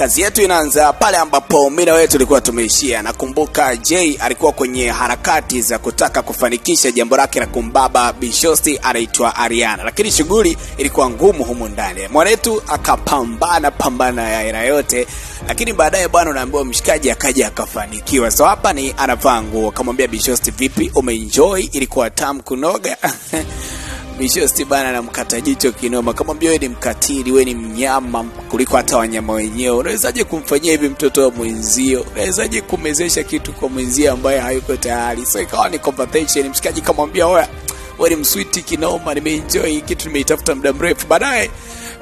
kazi yetu inaanza pale ambapo mida wetu ulikuwa tumeishia. Nakumbuka j alikuwa kwenye harakati za kutaka kufanikisha jambo lake la kumbaba bishosti anaitwa Ariana, lakini shughuli ilikuwa ngumu humu ndani. Mwanetu akapambana pambana ya hela yote, lakini baadaye bwana, unaambiwa mshikaji akaja akafanikiwa. So hapa ni anavaa nguo, akamwambia bishosti, vipi, umeenjoy? Ilikuwa tamu kunoga Michosti bana mkata jicho kinoma, kamwambia mbio ni mkatili, we ni mnyama kuliko hata wanyama wenyewe. Unawezaje kumfanyia hivi mtoto wa mwenzio? Unawezaje kumwezesha kitu kwa mwenzio ambaye hayuko tayari? So ikawa ni conversation, mshikaji kamwambia wewe, we ni mswiti kinoma, nimeenjoy kitu nimeitafuta muda mrefu. Baadaye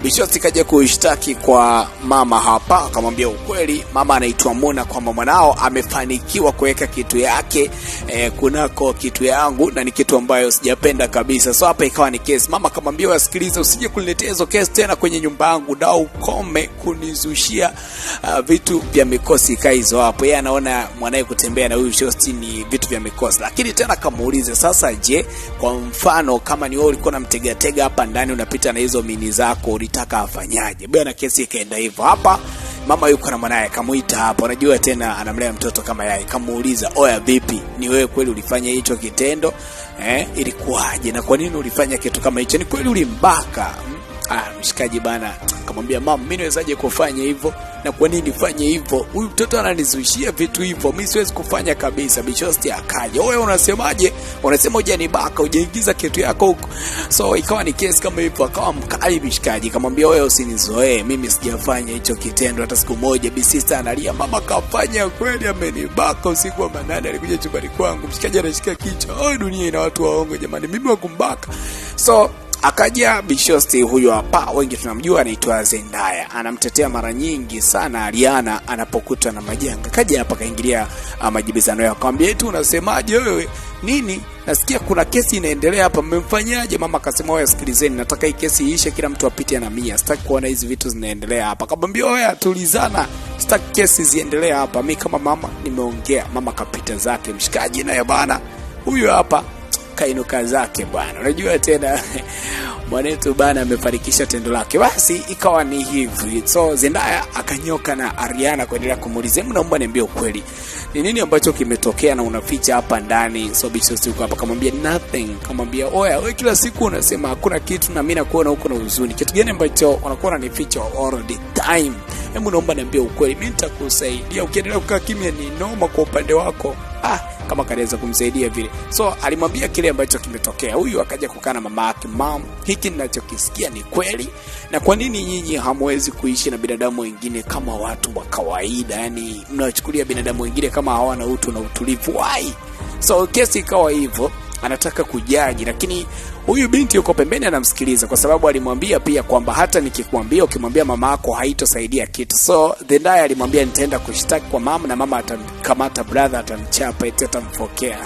Bichoti kaja kuishtaki kwa mama hapa, akamwambia ukweli. Mama anaitwa Mona kwamba mwanao amefanikiwa kuweka kitu yake e, kunako kitu yangu na ni kitu ambayo sijapenda kabisa. So hapa ikawa ni kesi. Mama akamwambia wasikilize, usije kuniletea hizo kesi tena kwenye nyumba yangu na ukome kunizushia uh, vitu vya mikosi hizo hapo. Yeye anaona mwanae kutembea na huyu shosti ni vitu vya mikosi, lakini tena kamuulize sasa, je, kwa mfano kama ni wewe ulikuwa na mtegatega hapa ndani unapita na hizo mini zako alitaka afanyaje bwana. Kesi ikaenda hivyo hapa mama yuko na mwanaye kamuita hapo, unajua tena anamlea mtoto kama yeye, kamuuliza oya, vipi, ni wewe kweli ulifanya hicho kitendo eh? Ilikuwaje na kwa nini ulifanya kitu kama hicho? Ni kweli ulimbaka ah, mshikaji bana, akamwambia mama, mimi niwezaje kufanya hivyo na kwa nini nifanye hivyo? Huyu mtoto ananizushia vitu hivyo, mimi siwezi kufanya kabisa. Bishosti akaja, wewe unasemaje? Unasema uja ni baka, ujaingiza kitu yako huko. So ikawa ni kesi kama hivyo, akawa mkali mshikaji, kamwambia wewe usinizoee, mimi sijafanya hicho kitendo hata siku moja. Bisista analia, mama kafanya kweli, amenibaka usiku wa manane, alikuja chumbani kwangu. Mshikaji anashika kichwa, oh, dunia ina watu waongo jamani, mimi wakumbaka so Akaja Bishosty huyo hapa, wengi tunamjua anaitwa Zendaya, anamtetea mara nyingi sana Ariana anapokutwa na majanga. Kaja hapa kaingilia ah, majibizano yao, akamwambia eti unasemaje wewe nini? Nasikia kuna kesi inaendelea hapa, mmemfanyaje? Mama akasema wewe, sikilizeni, nataka hii kesi iishe, kila mtu apite na mia, sitaki kuona hizi vitu zinaendelea hapa. Akamwambia wewe, tulizana, sitaki kesi ziendelee hapa, mimi kama mama nimeongea. Mama kapita zake, mshikaji naye bana, huyo hapa akainuka zake bwana. Unajua tena mwanetu bana amefanikisha tendo lake, basi ikawa ni hivi. So Zendaya akanyoka na Ariana kuendelea kumuuliza, hebu naomba niambie ukweli, ni nini ambacho kimetokea na unaficha hapa ndani? So Bicho siku hapa kamwambia nothing, kamwambia oya, wewe kila siku unasema hakuna kitu na mimi nakuona huko na huzuni. Kitu gani ambacho unakuwa unanificha all the time? Hebu naomba niambie ukweli, mimi nitakusaidia. Ukiendelea kukaa kimya ni noma kwa upande wako ah, kama kanaweza kumsaidia vile. So alimwambia kile ambacho kimetokea. Huyu akaja kukaa na mama yake, mam, hiki ninachokisikia ni kweli, na kwa nini nyinyi hamwezi kuishi na binadamu wengine kama watu wa kawaida? Yani mnawachukulia binadamu wengine kama hawana utu na utulivu wai. So kesi ikawa hivyo anataka kujaji, lakini huyu binti yuko pembeni anamsikiliza, kwa sababu alimwambia pia kwamba hata nikikwambia, ukimwambia mama yako haitosaidia kitu. So the naye alimwambia nitaenda kushtaki kwa mama, na mama atamkamata brother, atamchapa eti atamfokea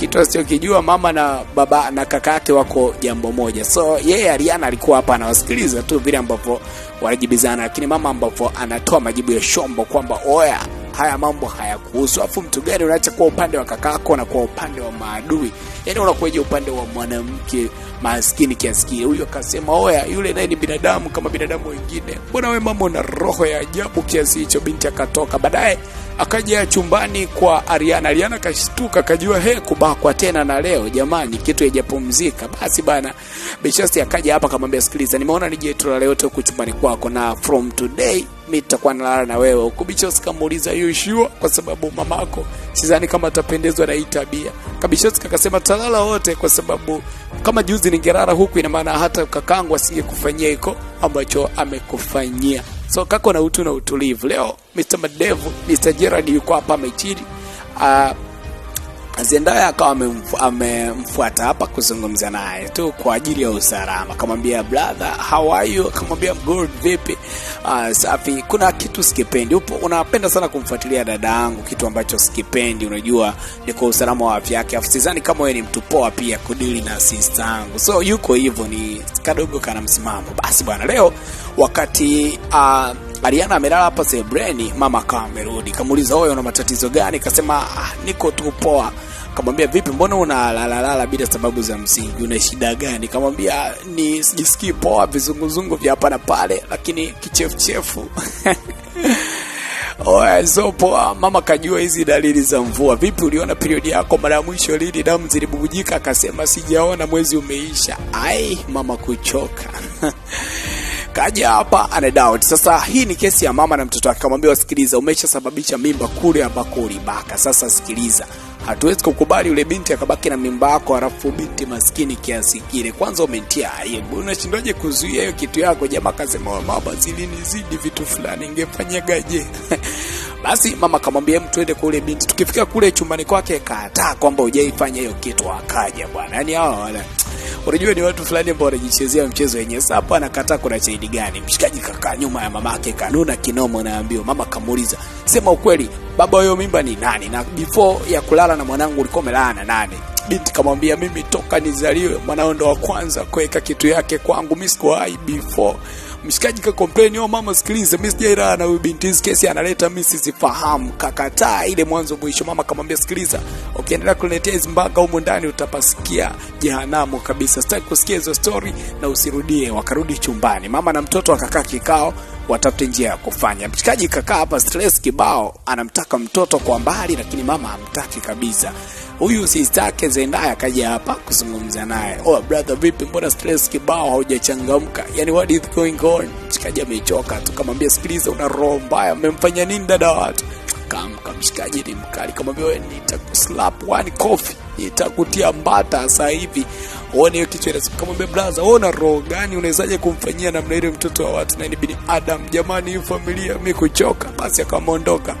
kitu asichokijua mama na baba na kaka yake wako jambo moja. So yeye yeah, Ariana alikuwa hapa anawasikiliza tu vile ambavyo walijibizana, lakini mama ambavyo anatoa majibu ya shombo kwamba oya haya mambo hayakuhusu. Afu mtu gani unaacha kwa upande wa kakako na kwa upande wa maadui? yani unakuja upande wa mwanamke maskini kiasi kile. Huyo akasema oya, yule naye ni binadamu kama binadamu wengine, mbona wewe mama una roho ya ajabu kiasi hicho? Binti akatoka. Baadaye akaja chumbani kwa Ariana. Ariana akashtuka, akajua he, kubakwa tena na leo, jamani, kitu haijapumzika. Basi bana, Beshasti akaja hapa akamwambia, sikiliza, nimeona nije tulale wote huku chumbani kwako na from today mi tutakuwa nalala na wewe huko. Bichos kamuuliza hiyo kwa sababu mamako sidhani kama atapendezwa na hii tabia. Kabishos kakasema talala wote, kwa sababu kama juzi ningerara huku, ina maana hata kakangu asingekufanyia hiko ambacho amekufanyia. So kako na utu na utulivu. Leo Mr Madevu, Mr Gerard yuko hapa amechili uh, Zendaya akawa amemfuata hapa kuzungumza naye tu kwa ajili ya usalama, akamwambia brother, how are you? Akamwambia good, vipi? Uh, safi. Kuna kitu sikipendi, upo unapenda sana kumfuatilia dada yangu, kitu ambacho sikipendi. Unajua ni kwa usalama wa afya yake, afu sidhani kama wewe ni mtu poa pia kudili na sister yangu, so yuko hivyo, ni kadogo kana msimamo. Basi bwana, leo wakati uh, Ariana amelala hapa sebreni, mama akawa amerudi, kamuuliza wewe una matatizo gani? Kasema ah, niko tu poa. Kamwambia vipi, mbona unalalalala bila sababu za msingi, una shida gani? Kamwambia ni sijisikii poa, vizunguzungu vya hapa na pale, lakini kichefuchefu so poa. Mama kajua hizi dalili za mvua. Vipi, uliona period yako mara ya mwisho lini? Damu zilibubujika? Akasema sijaona, mwezi umeisha. Ai, mama kuchoka kaja hapa ana doubt. Sasa hii ni kesi ya mama na mtoto wake, kamwambia sikiliza, umeshasababisha mimba kule ambako ulibaka. Sasa sikiliza, hatuwezi kukubali yule binti akabaki na mimba yako, alafu binti maskini kiasi kile. Kwanza umentia aibu, unashindaje kuzuia hiyo kitu yako? Jamaa akasema, mama, zilinizidi vitu fulani, ningefanyagaje? Basi mama kamwambia mtu twende kwa yule binti. Tukifika kule chumbani kwake, kataa kwamba hujaifanya hiyo kitu, akaja bwana. Yani hawa wala unajua ni watu fulani ambao wanajichezea mchezo wenyewe. Sasa hapo anakataa, kuna shahidi gani? Mshikaji kakaa nyuma ya mamake kanuna kinomo, naambiwa mama kamuuliza, sema ukweli, baba huyo mimba ni nani? Na before ya kulala na mwanangu ulikuwa umelala na nani? Binti kamwambia mimi toka nizaliwe mwanao ndo wa kwanza kuweka kitu yake kwangu, mimi sikuwahi before mshikaji ka complain yo oh, mama sikilize, mimi sijaira na huyu binti, hizi kesi analeta mimi sizifahamu. Kakataa ile mwanzo mwisho. Mama kamwambia sikiliza, ukiendelea okay, kuletea hizo mbaga huko ndani utapasikia jehanamu kabisa. Sitaki kusikia hizo story na usirudie. Wakarudi chumbani, mama na mtoto akakaa kikao, watafute njia ya kufanya. Mshikaji kakaa hapa stress kibao, anamtaka mtoto kwa mbali, lakini mama hamtaki kabisa huyu sister yake Zendaya akaja hapa kuzungumza naye, oh brother, vipi, mbona stress kibao haujachangamka? Yani what is going on? Mshikaji amechoka tu, kamwambia sikiliza, una roho mbaya, mmemfanya nini dada watu? Kamka mshikaji ni mkali, kamwambia wewe, nitakuslap one coffee, nitakutia mbata sasa hivi uone hiyo kichwa inasema. Kamwambia brother, wewe una roho gani? Unawezaje kumfanyia namna ile mtoto wa watu, na ni bin Adam jamani, hii familia mimi kuchoka. Basi akamwondoka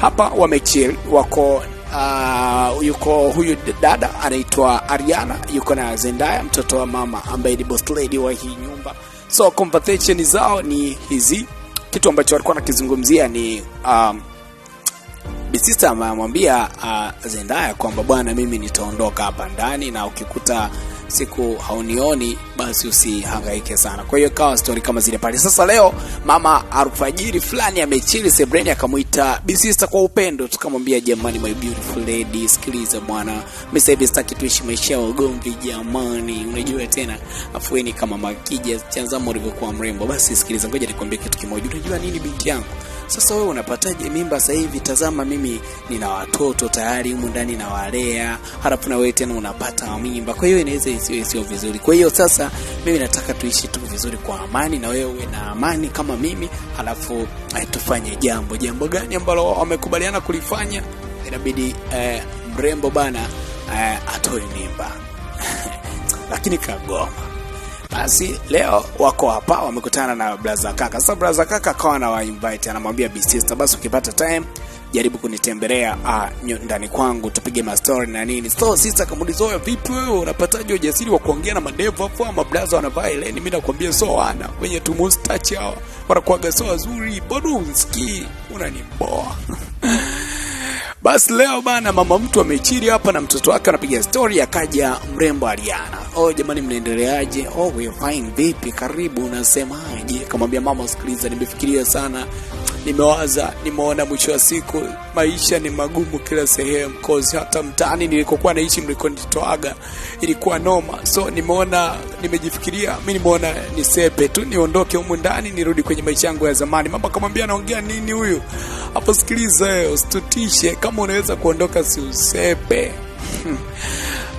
hapa, wamechill wako Uh, yuko huyu dada anaitwa Ariana, yuko na Zendaya mtoto wa mama ambaye ni boss lady wa hii nyumba. So conversation zao ni hizi, kitu ambacho walikuwa nakizungumzia ni um, bisista amemwambia uh, Zendaya kwamba bwana, mimi nitaondoka hapa ndani na ukikuta siku haunioni, basi usihangaike sana. Kwa hiyo ikawa stori kama zile pale. Sasa leo mama alfajiri fulani amechili sebreni, akamwita bisista kwa upendo, tukamwambia jamani, my beautiful lady, sikiliza bwana, mimi sasa hivi sitaki tuishi maisha ya ugomvi jamani, unajua tena afueni kama makija chanzamo ulivyokuwa mrembo. Basi sikiliza, ngoja nikwambie kitu kimoja. Unajua nini binti yangu sasa wewe unapataje mimba sasa hivi? Tazama, mimi nina watoto tayari humu ndani na walea, halafu na wewe tena unapata mimba. Kwa hiyo inaweza isiyo vizuri. Kwa hiyo sasa mimi nataka tuishi tu vizuri kwa amani, na wewe uwe na amani kama mimi, halafu eh, tufanye jambo. Jambo gani ambalo wamekubaliana kulifanya? Inabidi eh, mrembo bana eh, atoe mimba lakini kagoma basi leo wako hapa wamekutana na Blaza Kaka. Sasa Blaza Kaka akawa na invite, anamwambia Bi basi ukipata time jaribu kunitembelea ah, ndani kwangu tupige mastori na nini. So Sista akamuuliza vipi wewe unapataje ujasiri wa kuongea na madevu hapo ama blaza wanavaa eleni Mimi nakuambia so ana wenye tu hawa wanakuaga so wazuri bado usikii unanimboa Basi leo bana, mama mtu amechiri hapa na mtoto wake anapiga story akaja mrembo Ariana. Oh jamani, mnaendeleaje? Oh we fine, vipi, karibu, unasemaje? Kamwambia mama, sikiliza, nimefikiria sana nimewaza, nimeona mwisho wa siku maisha ni magumu kila sehemu, cause hata mtaani nilikokuwa naishi, mlikonitoaga ilikuwa noma. So nimeona, nimejifikiria mimi, nimeona nisepe tu niondoke humu ndani, nirudi kwenye maisha yangu ya zamani. Mama akamwambia, naongea nini huyu hapo? Sikiliza eh, usitutishe, kama unaweza kuondoka, si usepe hmm.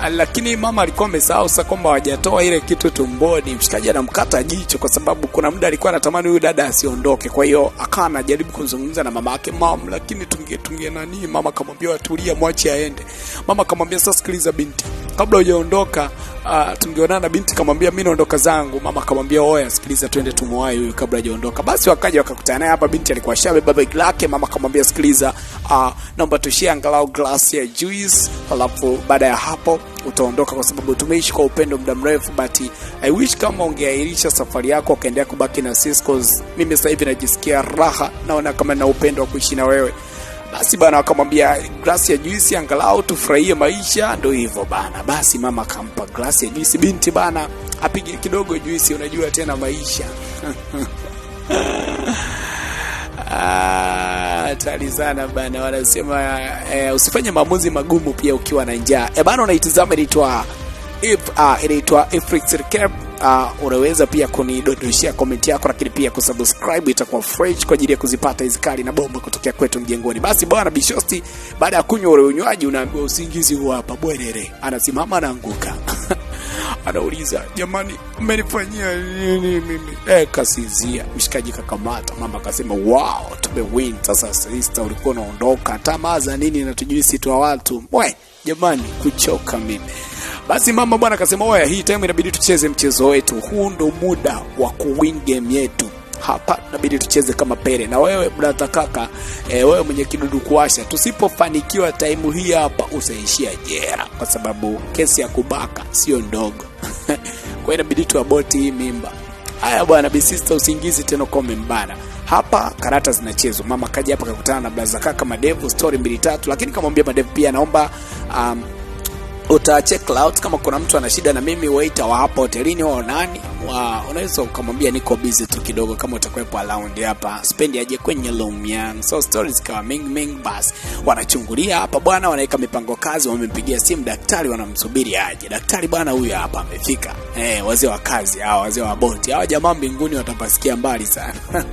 Ah, lakini mama alikuwa amesahau sasa kwamba hawajatoa ile kitu tumboni. Mshikaji anamkata jicho, kwa sababu kuna muda alikuwa anatamani huyu dada asiondoke. Kwa hiyo akawa anajaribu kuzungumza na mama yake, mam, lakini tunge tunge nani. Mama akamwambia watulia, mwache aende. Mama akamwambia sasa, sikiliza binti, kabla hujaondoka Uh, tungeonana. Binti kamwambia mimi naondoka zangu. Mama kamwambia oya, sikiliza, twende tumwahi huyu kabla hajaondoka. Basi wakaja wakakutana naye hapa. Binti alikuwa shabeba begi lake. Mama kamwambia sikiliza, uh, naomba tushie angalau glasi ya juice, alafu baada ya hapo utaondoka, kwa sababu tumeishi kwa upendo muda mrefu, but I wish kama ungeahirisha safari yako ukaendelea kubaki na sisi, mimi sasa hivi najisikia raha, naona kama na upendo wa kuishi na wewe. Basi bana, wakamwambia glasi ya juisi, angalau tufurahie maisha. Ndio hivyo bana. Basi mama akampa glasi ya juisi binti bana, apige kidogo juisi, unajua tena maisha ah, hatari sana bana, wanasema eh, usifanye maamuzi magumu pia ukiwa na njaa. E bana, unaitizama inaitwa uh, inaitwa Africa Recap. Uh, unaweza pia kunidondoshia komenti yako, lakini pia kusubscribe itakuwa fresh kwa ajili ya kuzipata hizi kali na bomba kutokea kwetu mjengoni. Basi bwana Bishosti, baada ya kunywa ule unywaji, unaambiwa usingizi huu hapa bwerere, anasimama anaanguka anauliza jamani, mmenifanyia nini mimi? Eh, kasizia mshikaji, kakamata mama, akasema wow, tumewin sasa. Sista ulikuwa unaondoka tamaza nini na tujui si watu we jamani, kuchoka mimi basi mama bwana akasema, oya, hii time inabidi tucheze mchezo wetu. Huu ndo muda wa kuwin game yetu hapa, inabidi tucheze kama pere na wewe brata kaka. E, wewe mwenye kidudu kuasha, tusipofanikiwa taimu hii hapa, utaishia jera, kwa sababu kesi ya kubaka sio ndogo kwa inabidi tu aboti hii mimba. Haya bwana, bisista usingizi tena kwa umembana hapa. Karata zinachezwa. Mama kaja hapa kakutana na blaza kaka madevu, story mbili tatu, lakini kamwambia madevu pia anaomba um, utachek out kama kuna mtu ana shida na mimi, waita wa hapa hotelini nani wa, unaweza ukamwambia niko busy tu kidogo, kama utakuwepo around hapa, spendi aje kwenye room yang So stories kwa mingi mingi, bas wanachungulia hapa bwana, wanaweka mipango kazi, wamempigia simu daktari, wanamsubiri aje. Daktari bwana, huyu hapa amefika. Eh, hey, wazee wa kazi hao, wazee wa boti hao, jamaa mbinguni watapasikia mbali sana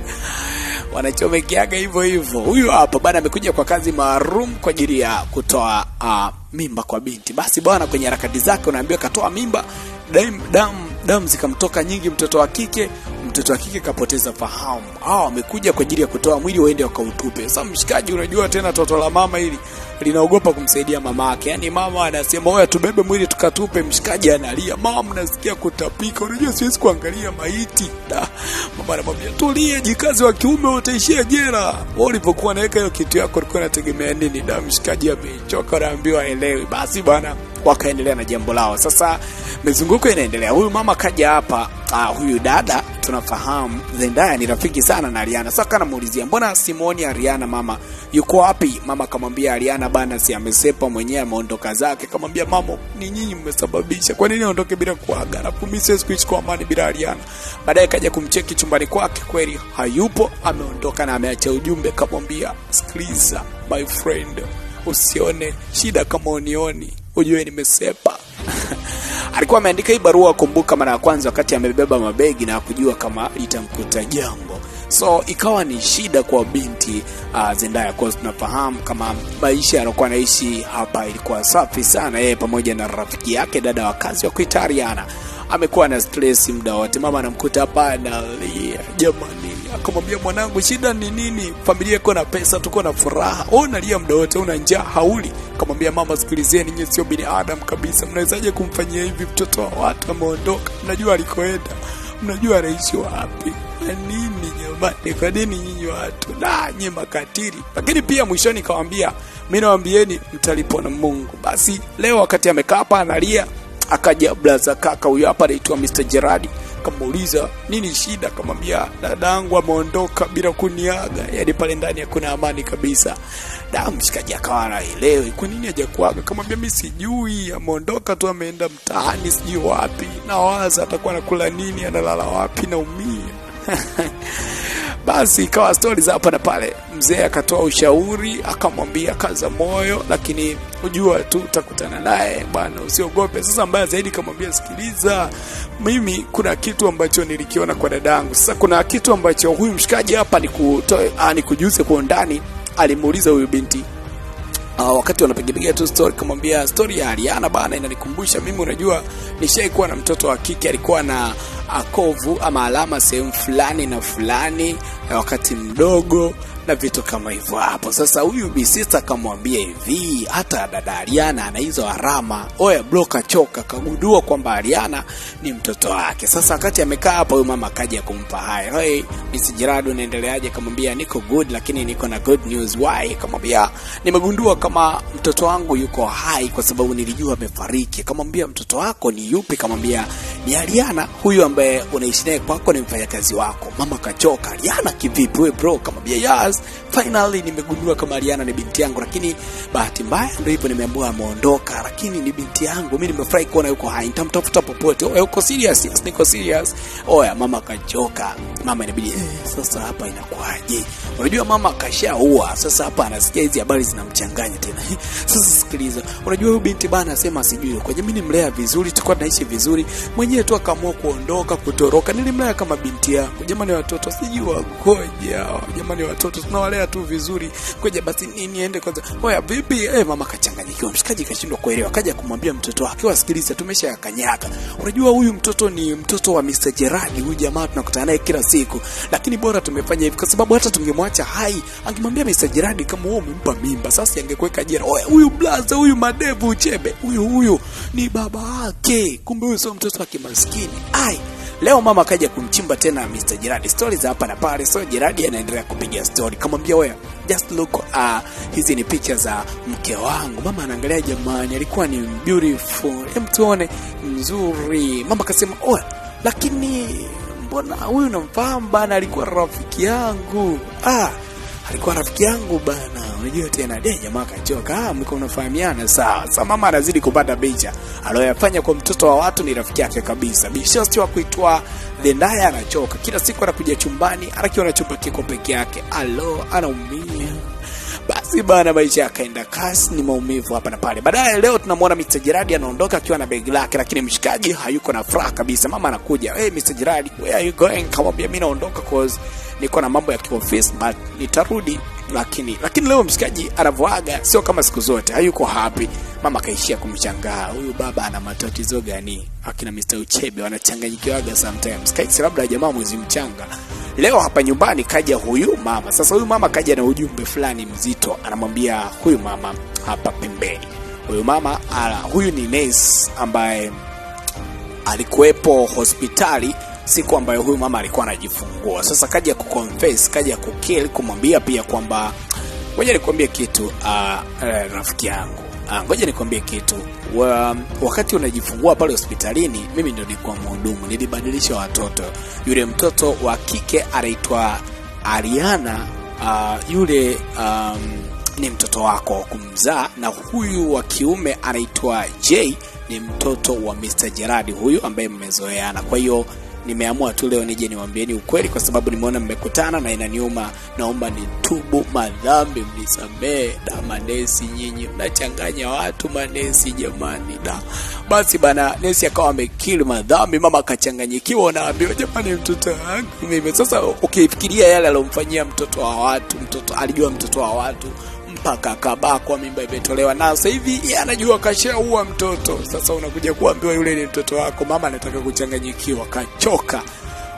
wanachomekeaga hivyo hivyo. Huyu hapa bwana amekuja kwa kazi maalum kwa ajili ya kutoa uh, mimba kwa binti. Basi bwana, kwenye harakati zake unaambiwa katoa mimba damu damu zikamtoka nyingi mtoto wa kike mtoto wa kike kapoteza fahamu hawa wamekuja kwa ajili ya kutoa mwili waende wakautupe sasa mshikaji unajua tena toto la mama hili linaogopa kumsaidia mama yake yani mama anasema oya tubebe mwili tukatupe mshikaji analia mama mnasikia kutapika unajua siwezi kuangalia maiti da mama anamwambia tulie jikazi wa kiume utaishia jera wewe ulipokuwa naweka hiyo kitu yako ulikuwa nategemea nini da mshikaji ameichoka naambiwa elewi basi bwana wakaendelea na jambo lao. Sasa mizunguko inaendelea, huyu mama kaja hapa. Uh, huyu dada tunafahamu Zendaya ni rafiki sana na Ariana. Sasa kanamuulizia mbona simuoni Ariana mama, yuko wapi mama? Akamwambia Ariana bana, si amesepa mwenyewe, ameondoka zake. Akamwambia mama, ni nyinyi mmesababisha, kwa nini aondoke bila kuaga? Alafu mimi siwezi kuishi kwa amani bila Ariana. Baadaye kaja kumcheki chumbani kwake, kweli hayupo, ameondoka na ameacha ujumbe. Akamwambia sikiliza my friend, usione shida kama unioni ujue nimesepa. Alikuwa ameandika hii barua, kumbuka, mara ya kwanza wakati amebeba mabegi na kujua kama litamkuta jambo, so ikawa ni shida kwa binti uh, Zendaya. Kwa tunafahamu kama maisha alikuwa anaishi hapa ilikuwa safi sana, yeye pamoja na rafiki yake dada wa kazi wa kuitariana amekuwa na stress muda wote, mama anamkuta hapa analia, jamani akamwambia mwanangu, shida ni nini? Familia iko na pesa, tuko na furaha, wewe unalia muda wote, una njaa, hauli. Akamwambia mama, sikilizeni, nyinyi sio binadamu kabisa, mnawezaje kumfanyia hivi mtoto wa watu? Ameondoka, mnajua alikoenda, mnajua anaishi wapi? Kwa nini jamani? Kwa nini nyinyi watu na nyinyi makatili? Lakini pia mwishoni kawaambia, mimi nawaambieni mtalipwa na Mungu. Basi leo wakati amekaa hapa analia, akaja blaza kaka huyo hapa anaitwa Mr Gerardi kamuuliza nini shida, akamwambia dadangu ameondoka bila kuniaga. Yani pale ndani hakuna amani kabisa. Da, mshikaji akawa anaelewi kwa nini hajakuaga, akamwambia mimi sijui, ameondoka tu, ameenda mtaani, sijui wapi. Nawaza atakuwa anakula nini, analala wapi, naumia Basi ikawa stori za hapa na pale. Mzee akatoa ushauri, akamwambia kaza moyo, lakini ujua tu utakutana naye bwana, usiogope. Sasa mbaya zaidi kamwambia, sikiliza, mimi kuna kitu ambacho nilikiona kwa dadangu. Sasa kuna kitu ambacho huyu mshikaji hapa ni nikujuze kwa undani, alimuuliza huyu binti Uh, wakati wanapigapiga tu story, kamwambia story ya Ariana bana, inanikumbusha mimi, unajua nishaikuwa na mtoto wa kike alikuwa na akovu ama alama sehemu fulani na fulani, wakati mdogo na vitu kama hivyo hapo. Sasa huyu bisita akamwambia hivi, hata dada Ariana ana hizo harama oya bloka choka. Kagundua kwamba Ariana ni mtoto wake. Sasa wakati amekaa hapo, huyu mama akaja kumpa hai. hey Miss Jirado, unaendeleaje? Akamwambia niko good, lakini niko na good news. Why? Akamwambia nimegundua kama mtoto wangu yuko hai kwa sababu nilijua amefariki. Akamwambia mtoto wako ni yupi? Akamwambia ni Ariana huyu ambaye unaishi naye kwako, ni mfanyakazi wako. Mama kachoka, Ariana kivipi wewe bro? Akamwambia yes finally nimegundua kama ariana ni binti yangu, lakini bahati mbaya ndio ipo, nimeambiwa ameondoka, lakini ni binti yangu. Mimi nimefurahi kuona yuko hai, nitamtafuta popote. Oh, yuko serious? Yes, niko serious. Oya, mama akachoka, mama inabidi eh, sasa hapa inakuwaje? Unajua mama akashaua, sasa hapa anasikia hizi habari zinamchanganya tena. Sasa sikiliza, unajua huyu binti bana asema sijui kwa mimi nimlea vizuri, tulikuwa tunaishi vizuri, mwenyewe tu akaamua kuondoka, kutoroka, nilimlea kama binti yangu. Jamani watoto, sijui wakoja, jamani watoto tunawalea tu vizuri kweja basi nini ende kwanza oya vipi eh mama kachanganyikiwa mshikaji kashindwa kuelewa kaja kumwambia mtoto wake wasikiliza tumesha yakanyaka unajua huyu mtoto ni mtoto wa Mr. Gerard huyu jamaa tunakutana naye kila siku lakini bora tumefanya hivi kwa sababu hata tungemwacha hai angemwambia Mr. Gerard kama wewe umempa mimba sasa angekuweka jera oya huyu blaza huyu madevu uchebe huyu huyu ni baba yake kumbe huyu sio mtoto wa kimaskini ai Leo mama akaja kumchimba tena Mr. Gerard, stori za hapa na pale. So Gerard anaendelea kupiga stori, kamwambia wewe, just look uh, hizi ni picha za mke wangu. Mama anaangalia, jamani, alikuwa ni beautiful, hem, tuone mzuri. Mama akasema oh, lakini mbona huyu namfahamu bana, alikuwa rafiki yangu ah alikuwa rafiki yangu bana, unajua tena de jamaa kachoka, ah, mko unafahamiana sawa. Sasa mama anazidi kupata picha, aliyofanya kwa mtoto wa watu ni rafiki yake kabisa, bishosti sio kuitwa Dendaya. Anachoka kila siku, anakuja chumbani anakiwa na chumba kiko peke yake, alo anaumia kasi bana, maisha yakaenda kasi, ni maumivu hapa na pale. Baadaye leo tunamwona Mr. Gerard anaondoka akiwa na begi lake, lakini mshikaji hayuko na furaha kabisa. Mama anakuja, hey, Mr. Gerard, where are you going? Kamwambia mimi naondoka cause niko na mambo ya kiofisi but nitarudi lakini lakini leo mshikaji anavoaga sio kama siku zote, hayuko happy. Mama kaishia kumchangaa huyu baba ana matatizo gani? Akina Mr. Uchebe wanachanganyikiwaga sometimes, kaisi labda jamaa mwezi mchanga. Leo hapa nyumbani kaja huyu mama. Sasa huyu mama kaja na ujumbe fulani mzito, anamwambia huyu mama hapa pembeni, huyu mama ala, huyu ni nes ambaye alikuwepo hospitali siku ambayo huyu mama alikuwa anajifungua. Sasa kaja confess, kaja kill, kumwambia pia kwamba ngoja nikwambie kitu uh, eh, rafiki yangu uh, ngoja nikwambie kitu wa, wakati unajifungua pale hospitalini, mimi ndio nilikuwa mhudumu, nilibadilisha watoto. Yule mtoto wa kike anaitwa Ariana, uh, yule um, ni mtoto wako wa kumzaa, na huyu wa kiume anaitwa Jay ni mtoto wa Mr. Gerard huyu ambaye mmezoeana. Kwa hiyo nimeamua tu leo nije niwaambieni ukweli, kwa sababu nimeona mmekutana na inaniuma. Naomba nitubu madhambi, mnisamee Da, manesi nyinyi mnachanganya watu, manesi jamani. Da, basi bana, nesi akawa amekili madhambi, mama akachanganyikiwa, naambiwa jamani, mtoto wangu mimi. Sasa ukifikiria okay, yale aliomfanyia mtoto wa watu, mtoto alijua mtoto wa watu mpaka akabakwa, mimba imetolewa, na sasa hivi yeye anajua kashaua mtoto. Sasa unakuja kuambiwa yule ni mtoto wako, mama anataka kuchanganyikiwa, kachoka.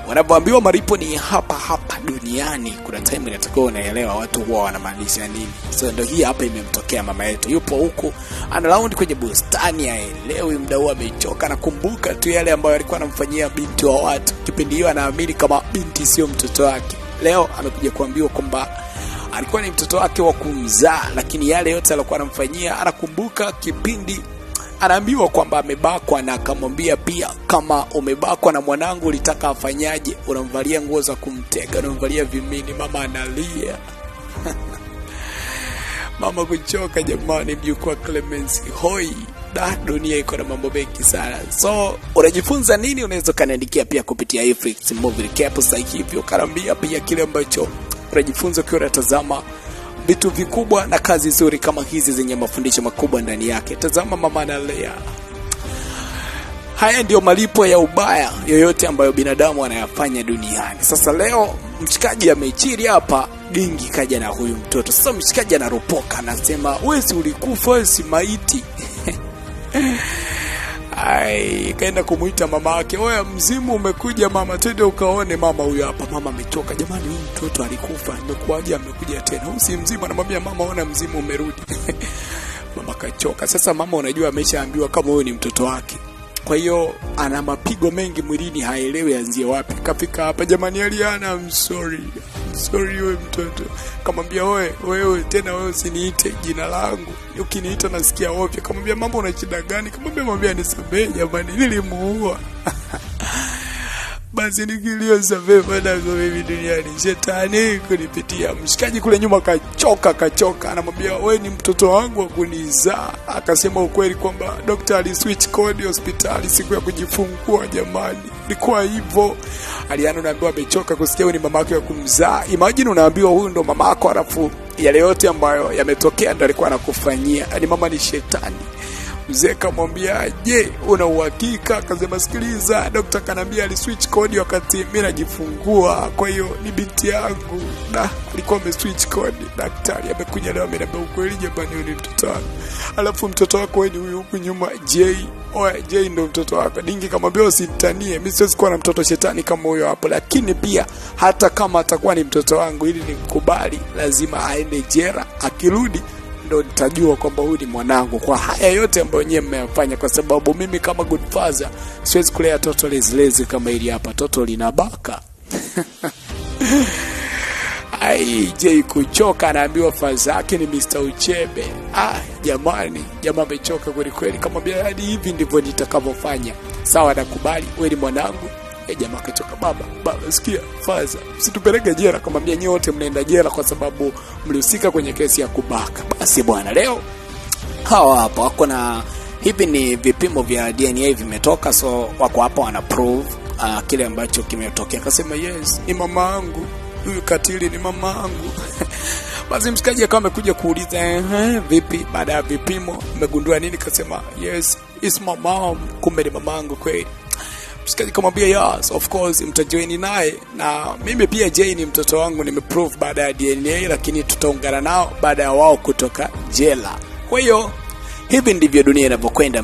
Wanapoambiwa malipo ni hapa hapa duniani, kuna time inatakiwa unaelewa watu huwa wanamaanisha nini. So ndio hii hapa imemtokea mama yetu, yupo huku ana round kwenye bustani, aelewi muda huu, amechoka. Nakumbuka tu yale ambayo alikuwa anamfanyia binti wa watu kipindi hiyo, anaamini kama binti sio mtoto wake. Leo amekuja kuambiwa kwamba alikuwa ni mtoto wake wa kumzaa, lakini yale yote alikuwa anamfanyia, anakumbuka kipindi anaambiwa kwamba amebakwa, na akamwambia pia, kama umebakwa na mwanangu ulitaka afanyaje? Unamvalia nguo za kumtega, unamvalia vimini. Mama analia mama kuchoka. Jamani, mjukua Clemens hoi da, dunia iko na mambo mengi sana. So unajifunza nini? Unaweza ukaniandikia pia kupitia Flix Movie cap sasa hivi ukaniambia pia kile ambacho unajifunza ukiwa unatazama vitu vikubwa na kazi nzuri kama hizi zenye mafundisho makubwa ndani yake. Tazama Mama analea. Haya ndiyo malipo ya ubaya yoyote ambayo binadamu anayafanya duniani. Sasa leo mshikaji amechiri hapa, dingi kaja na huyu mtoto sasa. Mshikaji anaropoka anasema, wesi ulikufa, si maiti ai, ikaenda kumuita mama yake, oya, mzimu umekuja mama, twende ukaone mama. Huyo hapa mama ametoka, jamani, huyu mtoto alikufa, imekuwaje amekuja tena? Huyu si mzimu. Anamwambia mama, ona mzimu umerudi. mama kachoka. Sasa mama, unajua ameshaambiwa kama huyu ni mtoto wake kwa hiyo ana mapigo mengi mwilini, haelewi anzie wapi. Kafika hapa, jamani Aliana, I'm sorry. I'm sorry wewe mtoto. Kamwambia wewe, wewe tena wewe usiniite jina langu. Ukiniita nasikia ovyo. Kamwambia mambo una shida gani? Kamwambia mwambia nisamehe jamani, nilimuua. basi ni kilio mwanangu mimi duniani. Shetani kunipitia mshikaji kule nyuma, kachoka kachoka, anamwambia we ni mtoto wangu wa kunizaa. Akasema ukweli kwamba dokta aliswitch code hospitali siku ya kujifungua. Jamani, ilikuwa hivyo. Aliana unaambiwa amechoka kusikia ni mama yake wa kumzaa. Imagine unaambiwa huyu ndo mama yako, alafu yale yote ambayo yametokea ndo alikuwa anakufanyia. Ni yaani mama ni shetani. Mzee kamwambia je, una uhakika? Akasema sikiliza, dokta kanambia aliswitch kodi wakati mimi najifungua, kwa hiyo ni binti yangu. na alikuwa ameswitch kodi. Daktari amekuja leo ameniambia ukweli, jamani, ni mtoto wako Alafu mtoto wako wewe huyu huku nyuma J. J ndo mtoto wako. Dingi kamwambia usimtanie, mimi siwezi kuwa na mtoto shetani kama huyo hapo, lakini pia hata kama atakuwa ni mtoto wangu, ili nimkubali, lazima aende jera, akirudi ndo nitajua kwamba huyu ni mwanangu, kwa haya yote ambayo nyewe mmeyafanya, kwa sababu mimi kama father siwezi kulea toto lezilezi kama ili hapa toto linabaka Aije kuchoka anaambiwa fazake ni Mr. Uchebe. Ah, jamani, jamaa amechoka kweli kweli. Kamwambia hadi hivi ndivyo nitakavyofanya. Sawa, nakubali, wewe ni mwanangu, e, jamaa akachoka, baba baba, sikia faza, msitupeleke jela. Akamwambia nyote mnaenda jela kwa sababu mlihusika kwenye kesi ya kubaka. Basi bwana, leo hawa hapa wako na hivi, ni vipimo vya DNA vimetoka, so wako hapa wana prove uh, kile ambacho kimetokea. Akasema yes, ni mama yangu huyu katili ni mama yangu. Basi mshikaji akawa amekuja kuuliza eh, vipi, baada ya vipimo mmegundua nini? Kasema yes, is my mom, kumbe ni mama mamangu kweli msikaji pia yes of course mtajoini naye na mimi pia j ni mtoto wangu nimeprove baada ya DNA lakini tutaungana nao baada ya wao kutoka jela kwa hiyo hivi ndivyo dunia inavyokwenda